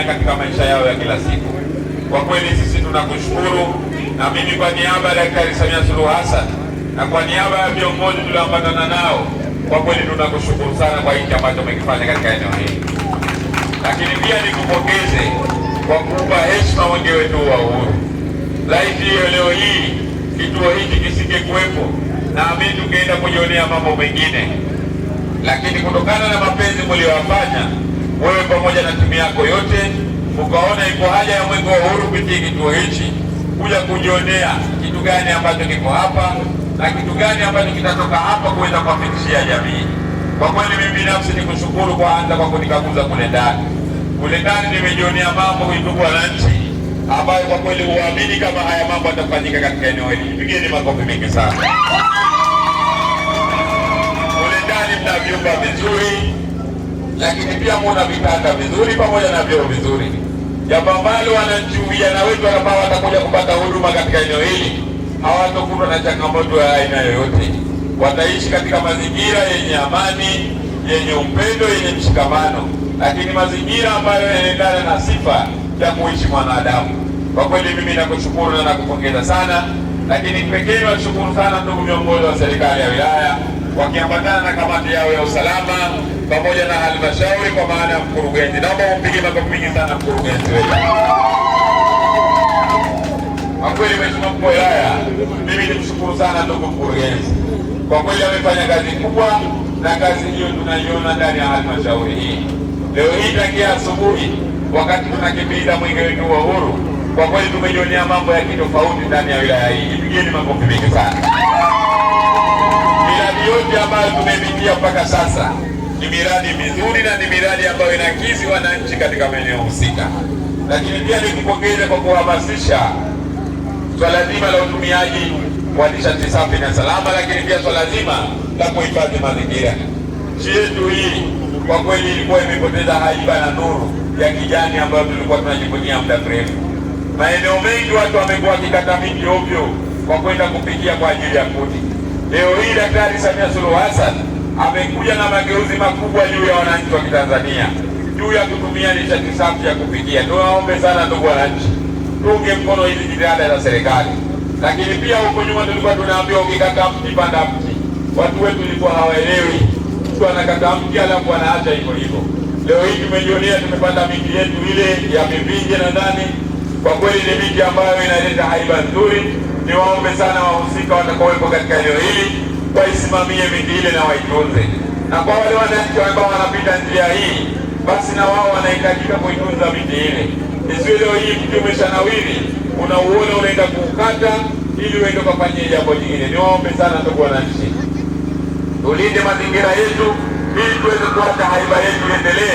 kutumia katika maisha yao ya kila siku. Kwa kweli sisi tunakushukuru, na mimi kwa niaba ya Daktari Samia Suluhu Hassan na kwa niaba ya viongozi tulioambatana nao, kwa kweli tunakushukuru sana kwa hiki ambacho umekifanya katika eneo hili, lakini pia nikupongeze kwa kuupa heshima mwenge wetu wa uhuru. Laiti hiyo leo hii kituo hiki kisingekuwepo, naamini tungeenda kujionea mambo mengine, lakini kutokana na mapenzi mliyowafanya wewe pamoja na timu yako yote, ukaona iko haja ya Mwenge wa Uhuru kupitia kituo hichi kuja kujionea kitu gani ambacho kiko hapa na kitu gani ambacho kitatoka hapa kuweza kuwafikishia jamii. Kwa kweli mimi binafsi kushukuru kwanza kwa kunikaguza kule ndani. Kule ndani nimejionea mambo kuituku wananchi ambayo kwa kweli huamini kama haya mambo yatafanyika katika eneo hili. Pigeni makofi mengi sana. Kule ndani mna vyumba vizuri lakini pia muna vitanda vizuri pamoja na vyoo vizuri, jambo ambalo wananchi vijana wetu ambao watakuja kupata huduma katika eneo hili hawatokutwa na changamoto ya aina yoyote. Wataishi katika mazingira yenye amani, yenye upendo, yenye mshikamano, lakini mazingira ambayo yanaendana na sifa ya kuishi mwanadamu. Kwa kweli mimi nakushukuru na nakupongeza sana, lakini pekee nashukuru sana ndugu viongozi wa serikali ya wilaya wakiambatana na kamati yao ya usalama pamoja na halmashauri kwa maana ya mkurugenzi. Naomba umpige makofi mengi sana mkurugenzi wetu. Kwa kweli, Mheshimiwa Mkuu wa Wilaya, mimi nimshukuru sana ndugu mkurugenzi, kwa kweli amefanya kazi kubwa, na kazi hiyo tunaiona ndani ya halmashauri hii. Leo hii takia asubuhi, wakati tunakimbiza mwenge wetu wa uhuru, kwa kweli tumejionea mambo ya kitofauti ndani ya wilaya hii. Ipigeni makofi mengi sana yote ambayo tumepitia mpaka sasa ni miradi mizuri na ni miradi ambayo inakizi wananchi katika maeneo husika. Lakini pia nikupongeze kwa kuhamasisha swala zima la utumiaji wa nishati safi na salama, lakini pia swala zima la kuhifadhi mazingira. Nchi yetu hii kwa kweli ilikuwa imepoteza haiba na nuru ya kijani ambayo tulikuwa tunajivunia muda mrefu. Maeneo mengi watu wamekuwa wakikata miti ovyo kwa kwenda kupikia kwa ajili ya kuni. Leo hii Daktari Samia Suluhu Hassan amekuja na mageuzi makubwa juu ya wananchi wa Kitanzania, juu ya kutumia nishati safi ya kupikia. tunaombe sana ndugu wananchi, tunge mkono hizi jitihada za serikali. Lakini pia huko nyuma tulikuwa tunaambiwa ukikata mti panda mti. Watu wetu ilikuwa hawaelewi, mtu anakata mti alafu anaacha hivyo hivyo. Leo hii tumejionea, tumepanda miti yetu ile ya mivinje, nadhani kwa kweli ni miti ambayo inaleta haiba nzuri niwaombe sana wahusika watakaowepo katika eneo hili waisimamie miti ile na waitunze, na kwa wale wananchi ambao wanapita njia hii, basi na wao wanahitajika kuitunza miti ile. Isiwe leo hii mti umeshanawiri, unauona unaenda kuukata ili uende ukafanyie jambo jingine. Niwaombe sana ndugu wananchi, tulinde mazingira yetu ili tuweze kuacha haiba yetu iendelee.